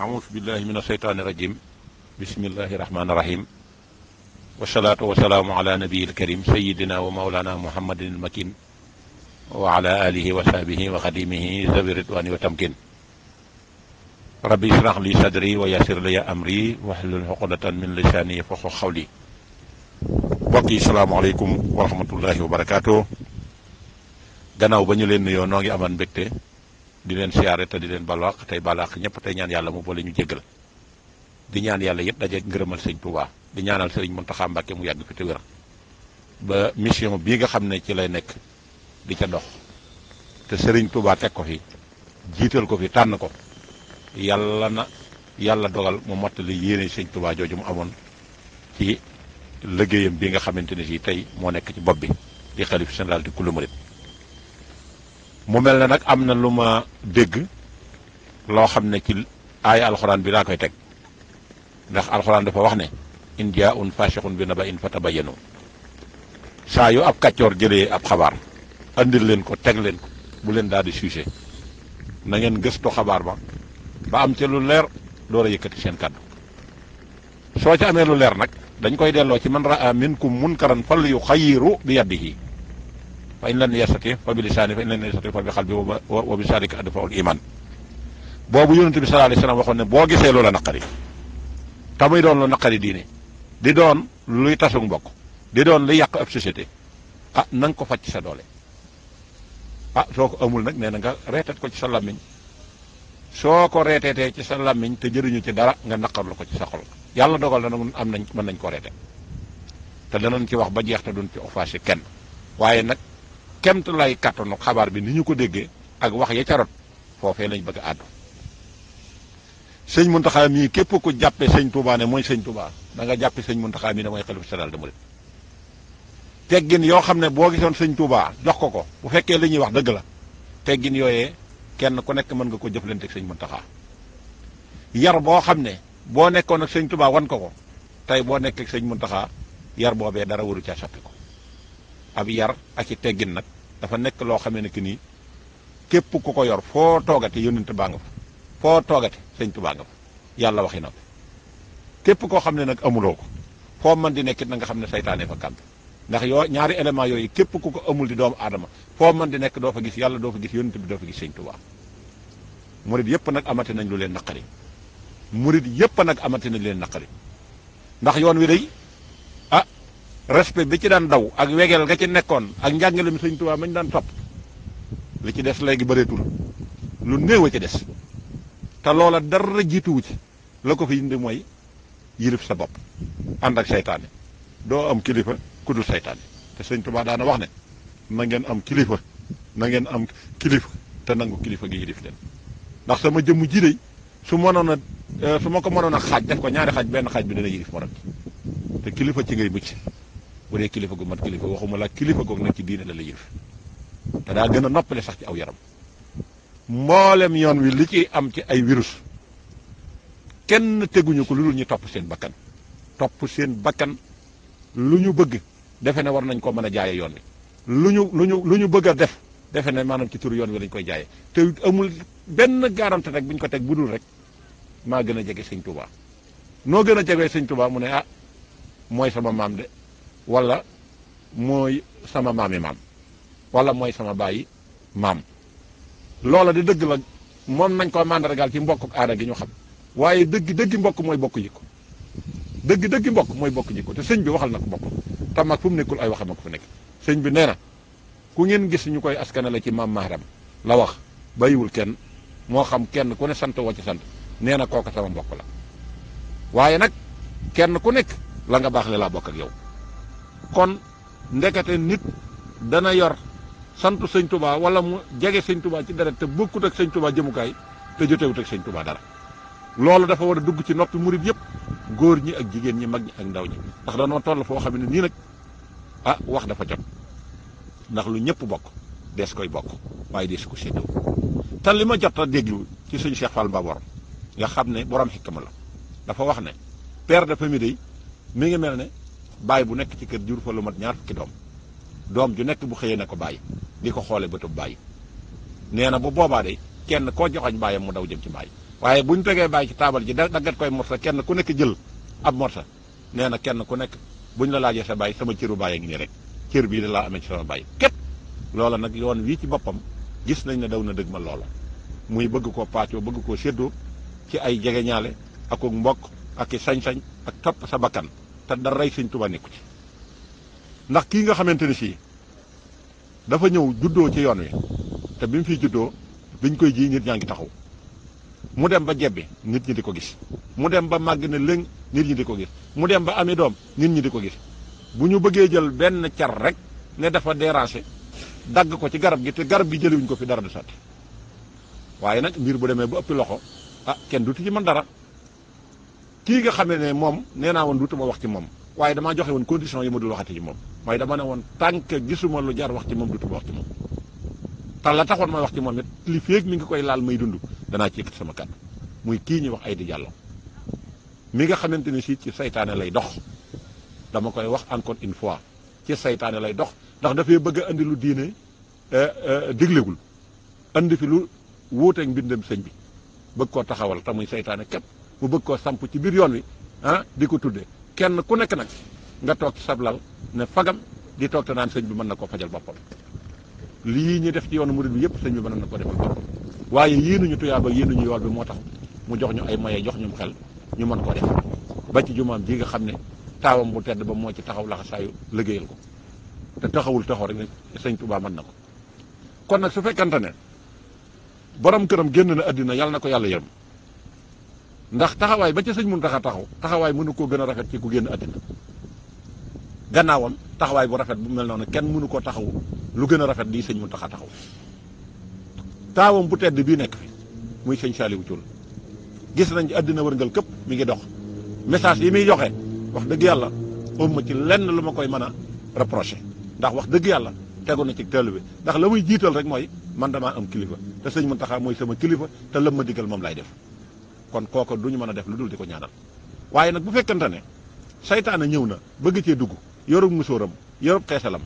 أعوذ بالله من الشيطان الرجيم بسم الله الرحمن الرحيم والصلاة والسلام على نبي الكريم سيدنا ومولانا محمد المكين وعلى آله وصحبه وخديمه ذوي الرضوان والتمكين ربي اشرح لي صدري ويسر لي أمري واحلل عقدة من لساني يفقهوا قولي mbokk السلام عليكم ورحمة الله وبركاته غناو gannaaw ba ñu leen nuyoo noo di leen siyaare te di leen balwaax tey balaax ñëpp tey ñaan yàlla mu boole ñu jéggal di ñaan yàlla yëpp daje ngërëmal sëñ Touba di ñaanal sëriñ Mountakha Mbacké mu yàgg fi te wér ba mission bii nga xam ne ci lay nekk di ca dox te sëriñ Touba teg ko fi jiital ko fi tànn ko yàlla na yàlla dogal mu mottali yéene sëñ Touba jooju mu amoon ci liggéeyam bi nga xamante ne si tey moo nekk ci bopp bi di xalif général di kulu murit mu mel ne nag am na lu ma dégg loo xam ne ci aaya alxuraan bi laa koy teg ndax alxuraan dafa wax ne in jaaun fasiqun bi naba'in fatabayyanu saa yu ab kàccoor jëlee ab xabaar andil leen ko teg leen ko bu leen daal di sujet na ngeen gëstu xabaar ba ba am ca lu leer door a yëkkati seen kàddu soo ca amee lu leer nag dañ koy delloo ci man raa minkum munkaran fal yuxayyiru bi yadihi fa in lam yastati fa bi lisaani fa in lam yastati fa bi qalbi wa bi iman boobu yonente bi sallallahu alayhi wasallam waxoon ne boo gisee loola naqari te muy doon lu naqari di don luy tasug mbokk di don luy yàq ab société ah na nga ko faj sa doole ah soo amul nag nee nga reetat ko ci sa làmmiñ soo ci sa te jëriñu ci dara nga naqarlu ko ci sa xol yàlla dogal na am nañ mën nañ ko te danañ ci wax ba jeex te ci kemt lay kattanu xabaar bi ni ñu ko déggee ak wax ya ca rot foofee lañ bëgg a àddu sëñ Muntaxa mii képp ku jàppe sëñ Touba ne mooy sëñ Touba da nga jàppe sëñ Muntaxa mii ne mooy xalifa général des mourides teggin yoo xam ne boo gisoon sëñ Touba jox ko ko bu fekkee li wax dëgg la teggin yooyee kenn ku nekk mën nga ko jëflante ak sëñ Muntaxa yar boo xam ne boo nekkoon ak sëñ Touba wan ko ko tey boo nekk ak sëñ Muntaxa yar boobee dara waru caa soppi ko ab yar ak i teggin nag dafa nekk loo xamee ne que nii képp ku ko yor foo toogate yónnent baa nga fa foo toogate sëñ tubaa nga fa yàlla waxi na ko képp koo xam ne nag amuloo ko foo mën di nekkit na nga xam ne saytaane fa kàmpe ndax yoo ñaari élément yooyu képp ku ko amul di doomu aadama foo mën di nekk doo fa gis yàlla doo fa gis yónnent bi doo fa gis sëñ tubaa murit yëpp nag amati nañ lu leen naqari murit yëpp nag amati nañ leen naqari ndax yoon wi respect bi ci daan daw ak wegeel nga ci nekkoon ak njàngale mi sëñ Tuubaa mañ daan topp li ci des léegi bëreetul lu néew a ci des te loola dara jiituwu ci la ko fi indi mooy yilif sa bopp ànd ak seytaane doo am kilifa ku dul seytaane te sëñ Tuubaa daana wax ne na ngeen am kilifa na ngeen am kilifa te nangu kilifa gi yilif leen ndax sama jëmm ji dey su mënoon a su ma ko mënoon a xaaj def ko ñaari xaaj benn xaaj bi dana yilif morom te kilifa ci ngay mucc bu dee kilifa gu mat kilifa waxuma la kilifa googu nag ci diine la la yëf te daa gën a noppale sax ci aw yaram mboolem yoon wi li ci am ci ay virus kenn teguñu ko lu dul ñu topp seen bakkan topp seen bakkan lu ñu bëgg defe ne war nañ ko mën a jaaye yoon wi lu ñu lu ñu lu ñu bëgg a def defe na maanaam ci tur yoon wi lañ koy jaaye te amul benn garantie rek bu ñu ko teg bu dul rek maa gën a jege sëñ Touba noo gën a jege sëñ Touba mu ne ah mooy sama maam de wala mooy sama maami maam wala mooy sama bàyyi maam loola di dëgg la moom nañ ko màndargaal ci mbokk ak aada gi ñu xam waaye dëgg dëgg mbokk mooy bokk ko dëgg dëgg mbokk mooy bokk ko te sëñ bi waxal nag ko bopp tam ak fu mu nekkul ay waxam ak fu nekk sëñ bi nee na ku ngeen gis ñu koy askane la ci maam maaram la wax bàyyiwul kenn moo xam kenn ku ne sant woo ci sant nee na kooka sama mbokk la waaye nag kenn ku nekk la nga baax le laa bokk ak kon ndekete nit dana yor santu sëñ tubaa wala mu jege sëñ tubaa ci deret te bokkut ak sëñ tubaa jëmukaay te jotewut ak sëñ tubaa dara loolu dafa war a dugg ci noppi murit yëpp góor ñi ak jigéen ñi mag ñi ak ndaw ñi ndax danoo toll foo xam ne nii nag ah wax dafa jot ndax lu ñëpp bokk dees koy bokk waaye dees ko séddoo te li ma jot a déglu ci sëñ Cheikh Fall Mbabor nga xam ne borom xikma la dafa wax ne père de famille mi ngi mel ne. bàyyi bu nekk ci kër jur fa lu mat ñaar fukki doom doom ju nekk bu xëyee na ko bàyyi di ko xoole bëtub bàyyi nee na bu boobaa de kenn koo joxoñ bàyyam mu daw jëm ci bàyyi waaye bu ñu tegee bàyyi ci taabal ji daggat koy morsa kenn ku nekk jël ab morsa nee na kenn ku nekk bu ñu la laajee sa bàyyi sama cëru bàyyi ngi nii rek cër bii da laa amee ci sama bàyyi képp loola nag yoon wii ci boppam gis nañ ne daw na dëgg ma loola muy bëgg koo paacoo bëgg koo séddoo ci ay jegeñaale ak mbokk ak i sañ-sañ ak topp sa bakkan te daray sëñ Tuubaa nekku ci ndax ki nga xamanteni ni dafa ñew juddoo ci yoon wi te bi mu fiy juddoo biñ koy ji nit ñangi taxaw mu dem ba jebbi nit ñi di ko gis mu dem ba màgg ne leng nit ñi di ko gis mu dem ba ami doom nit ñi di ko gis bu ñu bëggee jël benn car rek ne dafa déranger dagg ko ci garab gi te garab gi jëliwuñ ko fi dara du sat waaye nag mbir bu demee bu ëppi loxo ah kenn du ci man dara kii nga xam ne moom nee naa woon dutuma wax ci moom waaye damaa joxe woon condition yi ma dul waxati ci moom mooy dama ne woon tànk gisuma lu jar wax ci moom dutuma wax ci moom te la taxoon may wax ci moom it li féeg mi ngi koy laal may dund danaa ci sama kàddu muy kii ñuy wax ay di jàllo mi nga xamante ne si ci seytaane lay dox dama koy wax encore une fois ci seytaane lay dox ndax dafay bëgg a indi lu diine eh, eh, diglewul indi fi lu wuuteeg mbindam sëñ bi bëgg koo taxawal te muy saytaane képp mu bëgg koo samp ci biir yoon wi ah di ko tuddee kenn ku nekk nag nga toog ci sablal ne fagam di toog te naan sëñ bi mën na koo fajal boppam lii ñu def ci yoonu murid bi yépp sëñ bi mën na ko defal boppam waaye yéenuñu tuyaaba yéenuñu yool bi moo tax mu jox ñu ay maye jox ñu xel ñu mën koo def ba ci jumaam ji nga xam ne taawam bu tedd ba moo ci taxaw laxasaayu liggéeyal ko te taxawul taxaw rek sëñ tuba mën na ko kon nag su fekkante ne borom këram génn na àddina yàlla na ko yàlla yërëm ndax taxawaay ba ca sëñ Muntaxa taxaw taxawaay mënu koo gën a rafet ci ku génn àddina gannaawam taxawaay bu rafet bu mel noonu kenn mënu koo taxaw lu gën a rafet di sëñ Muntaxa taxaw taawam bu tedd bii nekk fi muy sëñ Saliou Thioune gis nañ ci àddina wërngal këpp mi ngi dox message yi muy joxe wax dëgg yàlla ëmma ci lenn lu ma koy mën a reproché ndax wax dëgg yàlla tegu na ci teel bi ndax la muy jiital rek mooy man damaa am kilifa te sëñ Muntaxa mooy sama kilifa te lam ma digal moom laay def kon kooka du ñu mën a def lu dul di ko ñaanal waaye nag bu fekkente ne seytaane ñëw na bëgg cee dugg yorub musóoram yorub xeesalam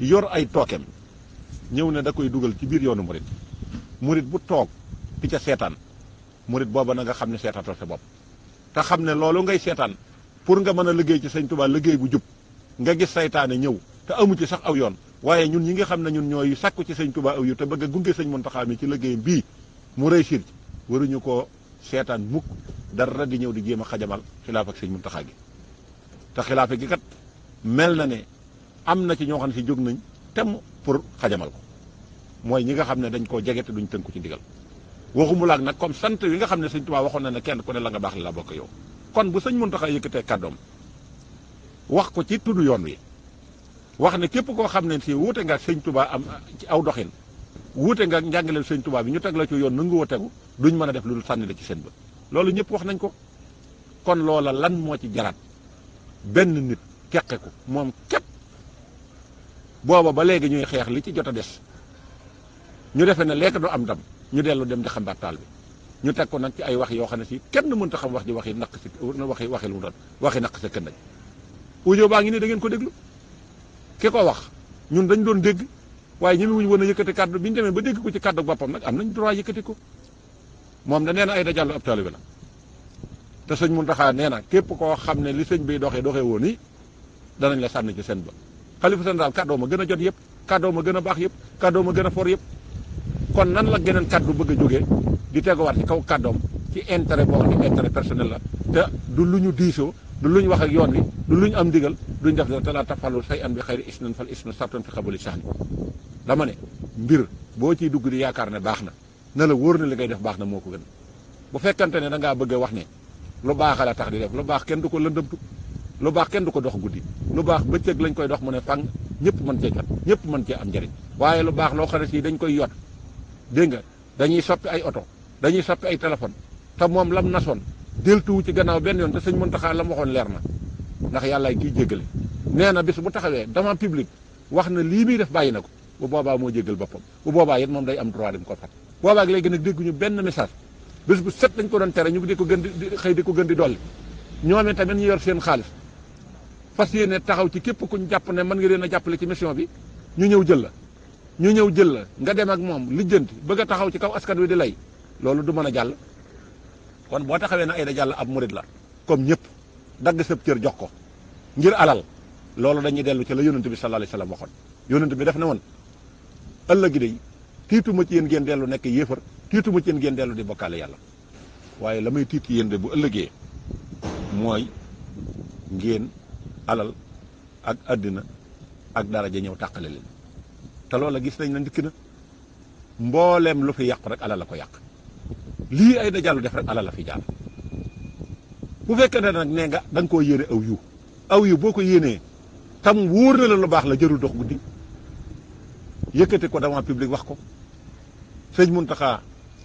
yor ay tookeem ñëw ne da koy dugal ci biir yoonu murit murit bu toog di ca seetaan murit booba na nga xam ne seetaatal sa bopp te xam ne loolu ngay seetaan pour nga mën a liggéey ci sëñ Tuubaa liggéey bu jub nga gis seytaane ñëw te amu ci sax aw yoon waaye ñun ñi nga xam ne ñun ñooy sàkku ci sëñ Tuubaa aw yu te bëgg a gunge sëñ Muntaxaa mi ci liggéeyam bii mu réussir ci ko setan mukk dara di ñew di jema xajamal xilaaf ak sëñ gi ta gi kat mel na ne am ci ñoo xam ci si nañ temm pour xajamal ko moy ñi nga xam ne dañ ko jege te duñ tënku ci digal waxumu laag nak comme sante yi nga xam ne sëñ Tuubaa na ne kenn ku ne la nga bax la bokk yow kon bu seigne muntaha yëkëté kaddom wax ko ci tuddu yoon wi wax ne képp koo xam ne si wuute nga seigne touba am ci aw doxin wuute nga njàngaleel seigne touba bi ñu teg la ci yoon nangu tegu duñ mëna def lul sànni la ci seen bët loolu ñëpp wax nañ ko kon loola lan moo ci jaraat benn nit teqe ko moom képp booba ba léegi ñuy xeex li ci jot a des ñu defee ne lekk du am dam ñu dellu dem di xambaat taal bi ñu teg ko nag ci ay wax yoo xam ne si kenn mënta xam wax ji waxi naq si waxi waxi lu mu doon waxi naq sa kënnañ audio baa ngi ni da ngeen ko déglu ki ko wax ñun dañ doon dégg waaye ñemewuñu woon a yëkkati kàddu bi ñu demee ba dégg ko ci kàddu boppam nag am nañ droit yëkkati ko mom da neena ay da jàll ab talib la te sëñ Muntaxa nee na képp koo xam li sëñ bi doxé doxé woni da nañ la sànni ci sen ba sen dal kaddo ma gëna jot yépp kaddo ma gëna bax yépp kaddo ma gëna for yépp kon nan la gënal kaddu bëgg joggé di téggu teguwaat ci kaw kàddoom ci intérêt bo xamni intérêt personnel la te du luñu diiso du lu wax ak yoon wi du lu am digal duñ def dara tala tafalu say an bi xëy na fal is na fi xabali sax ni dama ne mbir bo ci dugg di yaakaar ne baax na la wóor na li ngay def baax na moo ko gën bu fekkante ne da ngaa bëgg a wax ne lu baaxal a tax di def lu baax kenn du ko lëndëmtu lu baax kenn du ko dox guddi lu baax bëccëg lañ koy dox mu ne fang ñëpp mën cee jot ñëpp mën cee am njëriñ waaye lu baax loo xam ne si dañ koy yot dégg nga dañuy soppi ay oto dañuy soppi ay téléphone te moom lam nasoon deltuwu ci gannaaw benn yoon te sëñ Muntaxa la lam waxoon leer na ndax yàllaay kiy jéggale nee na bis bu taxawee dama public wax na lii muy def bàyyi na ko bu boobaa moo jéggal boppam bu boobaa it moom day am droit di ko boobaak léegi nag ñu benn message bés bu set lañ ko doon tere ñu di ko gën di xëy di ko gën di dolli ñoomee tamit ñu yor seen xaalis fas yéene taxaw ci képp kuñ jàpp ne man nga leen a jàppale ci mission bi ñu ñëw jël la ñu ñëw jël la nga dem ak moom lijjanti bëgg a taxaw ci kaw askan wi di lay loolu du mën a jàll kon boo taxawee na ay da jàll ab murid la comme ñëpp dagg sëb cër jox ko ngir alal loolu dañuy dellu ci la yonent bi sallallahu alayhi wasallam waxoon yonent bi def na woon ëllëg gi day tiituma ci yéen ngeen dellu nekk yéefar tiituma ci yéen ngeen dellu di bokkaale yàlla waaye la may tiit yéen de bu ëllëgee mooy ngeen alal ak àddina ak daraja ñëw tàqale leen te loola gis nañ la ndikk na mbooleem lu fi yàqu rek alal la ko yàq lii ay da jàllu def rek alal la fi jaar bu fekkee ne nag nee nga da koo yéene aw yu aw yu boo ko yéenee tam wóor na la lu baax la jërul dox guddi yëkkati ko devant public wax ko sëñ Muntaxa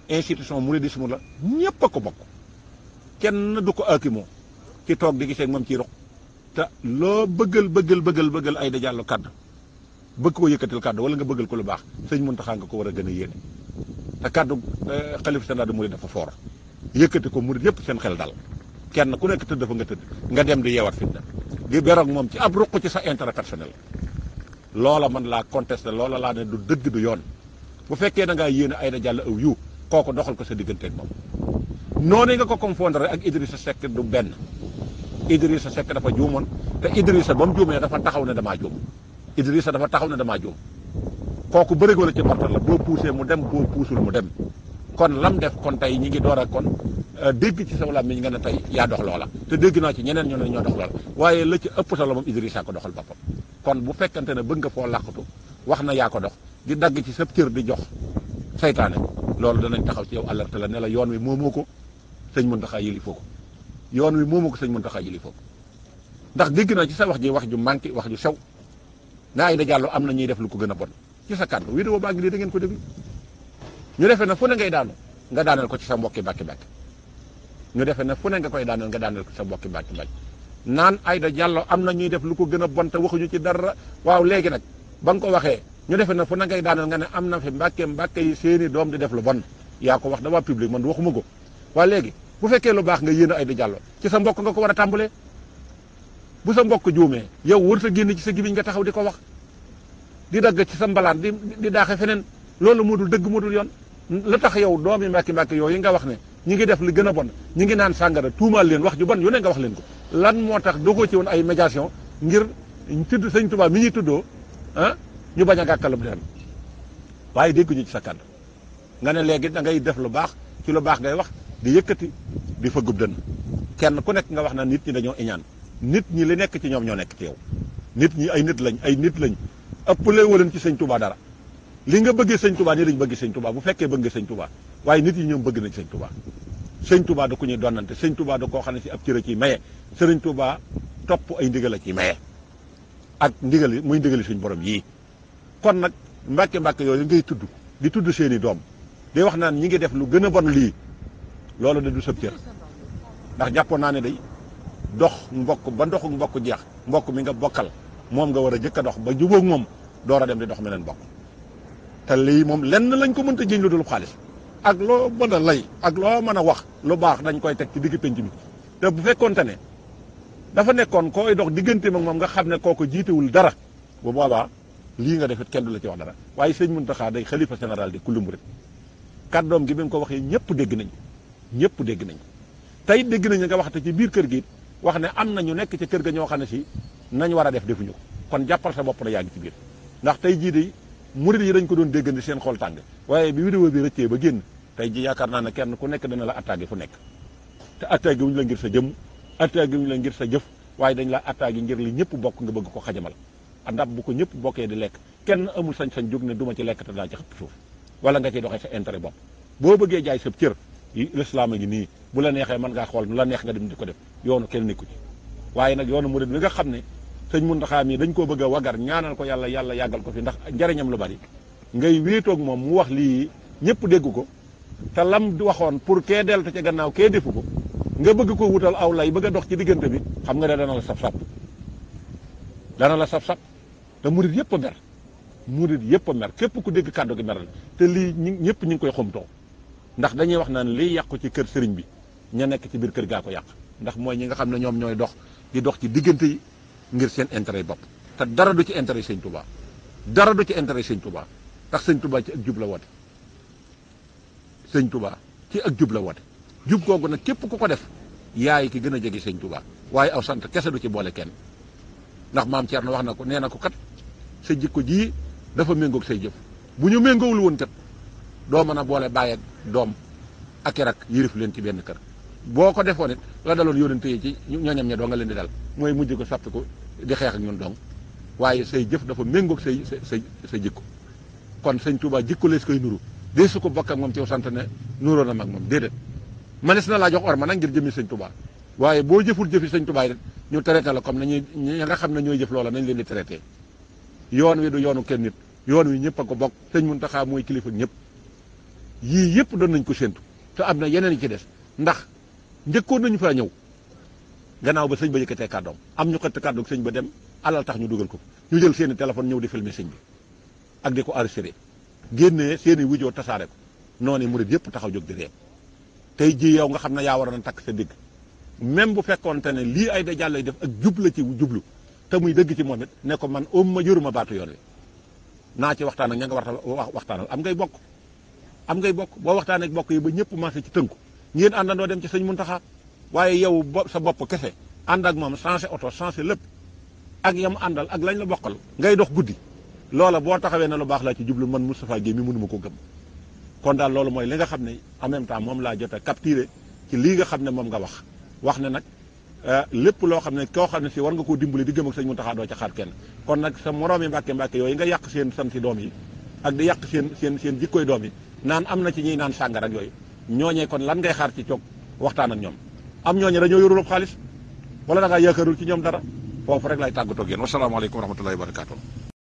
institution mouridisme la ñepp ko bok kenn du ko akimo ci tok di gisee moom ci rox ta lo beugal beugal beugal beugal ay dajàllu kaddu bëgg ko yëkkatil kaddu wala nga beugal ko lu baax sëñ Muntaxa nga ko wara gëna yéene te kàddu eh, xalif général mourid dafa for yëkkati ko mourid yëpp seen xel dal kenn ku nekk tëdd fa nga tëdd nga dem di yewat fi di beroog mom ci ab ruq ci sa intérêt personnel lola man la contester lola la ne du deug du yone bu fekkee da ngaa yéene Aïda Diallo aw yiw kooku doxal ko sa digganteeg moom noonu nga ko confondre ak sa Seck du benn sa sekk dafa juumoon te Idrissa ba mu juumee dafa taxaw ne damaa juum Idrissa dafa taxaw na damaa juum kooku bërigo la ci mbartal la boo puusee mu dem boo puusul mu dem kon lam def kon tey ñi ngi door a kon euh, dégg ci saw làmmiñ nga ne tey yaa dox loola te dégg naa ci ñeneen ñu ñoo dox loola waaye la ci ëpp solo moom Idrissa ko doxal boppam kon bu fekkante ne bëgg nga foo làqatu wax na yaa ko dox di dagg ci sa cër di jox saytaane loolu danañ taxaw ci yow alerte la ne la yoon wi moomoo ko sëñ Muntaxa yilifoo ko yoon wi moomoo ko sëñ Muntaxa yilifoo ko ndax dégg naa ci sa wax ji wax ju manqué wax ju sew naa yi da jàllo am na ñuy def lu ko gën a bon ci sa kàddu vidéo baa ngi nii da ngeen ko déglu ñu defee na fu ne ngay daanu nga daanal ko ci sa mbokki bàkki bàkki ñu defee na fu nga koy daanal nga daanal ko sa mbokki bàkki bàkki naan Aida Diallo am na ñuy def lu ko gën a bon te waxuñu ci dara waaw léegi nag ba nga ko waxee ñu defee na fu nangay ngay daaneel nga ne am na fi mbàkke mbàkke yi seeni doom di def lu bon yaa ko wax da waa public man waxuma ko waa léegi bu fekkee lu baax nga yéen ay di jàllo ci sa mbokk nga ko war a tàmbalee bu sa mbokk juumee yow warut sa génn ci sa gibiñ nga taxaw di ko wax di dagg ci sa mbalaan di di daaxe feneen loolu moo dul dëgg moo dul yoon la tax yow doomi mbàkki mbàkki yooyu nga wax ne ñi ngi def li gën a bon ñi ngi naan sàngara tuumaal leen wax ju bon yu nga wax leen ko lan moo tax dogoo ci woon ay médiation ngir tudd sëñ Tuubaa mi ñuy tuddoo ah ñu bañ a gàkkalam leen waaye dégguñu ci sa kàddu nga ne léegi da ngay def lu baax ci lu baax ngay wax di yëkkati di fa gub dënn kenn ku nekk nga wax na nit ñi dañoo iñaan nit ñi li nekk ci ñoom ñoo nekk ci yow nit ñi ay nit lañ ay nit lañ ëppale ci sëñ Touba dara li nga bëggee sëñ Touba ni lañ bagi sëñ Touba bu fekkee bëgg nga sëñ Touba waaye nit ñi ñoom bëgg nañ sëñ Touba sëñ Touba da ku ñuy donnante sëñ Touba da koo xam ne ab ci maye sëriñ Touba topp ay ndigal a maye ak ndigal muy ndigali suñ borom yii kon nag mbàkke mbàkke yooyu ngay tudd di tudd seeni doom di wax naan ñi ngi def lu gën a bon lii loolu da du sëb cër ndax jàppoon naa ne day dox mbokk ba ndoxu mbokk jeex mbokk mi nga bokkal moom nga war a jëkk a dox ba jubóog moom door a dem di dox meneen bokk te lii moom lenn lañ ko mënta jëñ lu dul xaalis ak loo mën a lay ak loo mën a wax lu baax dañ koy teg ci digg penc bi te bu fekkoonte ne dafa nekkoon kooy dox diggante mag moom nga xam ne kooku jiitewul dara bu boobaa lii nga defit kenn du la ci wax dara waaye sëñ mun Muntaxa day xalifa général di kullu murit doom gi bi nga ko waxee ñëpp dégg nañ ñëpp dégg nañ tey dégg nañ nga waxte ci biir kër gi wax ne am na ñu nekk ci kër ga ñoo xam ne si nañ war a def defuñu ko kon jàppal sa bopp na yaa ngi ci biir ndax tey jii de murit yi dañ ko doon déggandi seen xool tàng waaye bi vidéo bi rëccee ba génn tey ji yaakaar naa ne kenn ku nekk dana la attaqué fu nekk te attaqué la ngir sa jëmm attaqué wuñu la ngir sa jëf waaye dañ la attaqué ngir li ñëpp bokk nga bëgg ko xajamal ndab bu ko ñëpp bokkee di lekk kenn amul sañ-sañ jóg ne du ma ci lekk te daa ci xëpp suuf wala nga ciy doxee sa intérêt bopp boo bëggee jaay sa cër lislaam a ngi nii bu la neexee mën ngaa xool nu la neex nga dem di ko def yoonu kenn nekku ci waaye nag yoonu murid bi nga xam ne sañ sëñ Muntaxa mi dañ koo bëgg a wagar ñaanal ko yàlla yàlla yàggal ko fi ndax njariñam lu bari ngay wéetoog moom mu wax lii ñëpp dégg ko te lam waxoon pour kee dellu ca gannaaw kee defu ko nga bëgg ko wutal aw lay bëgg dox ci diggante bi xam nga ne dana la sab-sab te murit yëpp a mer murit yëpp a mer képp ku dégg kàddu gi meral te lii ñi ñëpp ñu ngi koy xomtoo ndax dañuy wax naan liy yàqu ci kër sëriñ bi ña nekk ci biir kër gaa ko yàq ndax mooy ñi nga xam ne ñoom ñooy dox di dox ci diggante yi ngir seen intérêt bopp te dara du ci intérêt sëñ Touba dara du ci intérêt sëñ Touba ndax sëñ Touba ci ak jub la woote sëñ Touba ci ak jub la woote googu nag képp ku ko def yaay ki gën a jege sëñ tubaa waaye aw sant kese du ci boole kenn ndax maam Thierno wax na ko nee na ko kat sa jikko jii dafa méngoog say jëf bu ñu méngoowul woon kat doo mën a boole bàyyi doom ak i rak yërif leen ci benn kër boo ko defoon it la daloon yónente yi ci ñooñam ña doo nga leen di dal mooy mujj ko sàppi ko di xeex ak ñun dong waaye say jëf dafa méngook say sa say sa jikko kon sëñ Touba jikko lees koy nuru dee su ko bokk moom ci sant ne nuroo na mag moom déedéet manes na laa jox or ma nag ngir jëmi sëñ Touba waaye boo jëful jëfi sëñ Touba it ñu traité la comme nañuy ñi nga xam ne ñooy jëf loola nañ leen di traité yoon wi du yoonu kenn nit yoon wi ñëpp a ko bokk sëñ Muntaxa mooy kilifa ñëpp yii yëpp doon nañ ko séntu te am na yeneen yi ci des ndax njëkkoon nañu fa ñëw gannaaw ba sëñ ba yëkkatee kàddoom am ñu xëtt kàddoog sëñ ba dem alal tax ñu dugal ko ñu jël seeni téléphone ñëw di filmer sëñ bi ak di ko enregistré génnee seeni wujoo tasaare ko noonu murid yëpp taxaw jóg di ree tey jii yow nga xam ne yaa waroon a takk sa digg même bu fekkoonte ne lii ay da def ak jubla ci jublu te muy dëgg ci moom it ne ko man óom um ma jëruma baatu yoon wi naa ci waxtaan ak ña nga war a waxtaanal am ngay bokk am ngay bokk boo waxtaanee ak bokk yi ba ñëpp marché ci tënku ngeen àndandoo dem ci mun Muntaxa waaye yow bo sa bopp kese ànd ak moom changé oto changé lépp ak yam àndal ak lañ la bokkal ngay dox guddi loola boo taxawee na lu baax laa ci jublu man Moustapha Guèye mi mënuma ko gëm kon daal loolu mooy li nga xam ne en même moom laa jot a capturé ci lii nga xam ne moom nga wax wax ne nag Euh, lépp loo xam ne koo xam ne si war nga koo dimbali di gëm ak sëñ Muntaxa doo ca xaar kenn kon nag sa moroomi mbàkke mbàkke yooyu nga yàq seen santi doom yi ak di yàq seen seen seen jikkooy doom yi naan am na ci ñuy naan sàngar ak yooyu ñooñee kon lan ngay xaar ci coog waxtaan ak ñoom am ñooñe dañoo yorulub xaalis wala da ngaa yaakaarul ci ñoom dara foofu rek lay tàggatoo ak yéen wasalaamaaleykum wa rahmatullahi wa barakatuh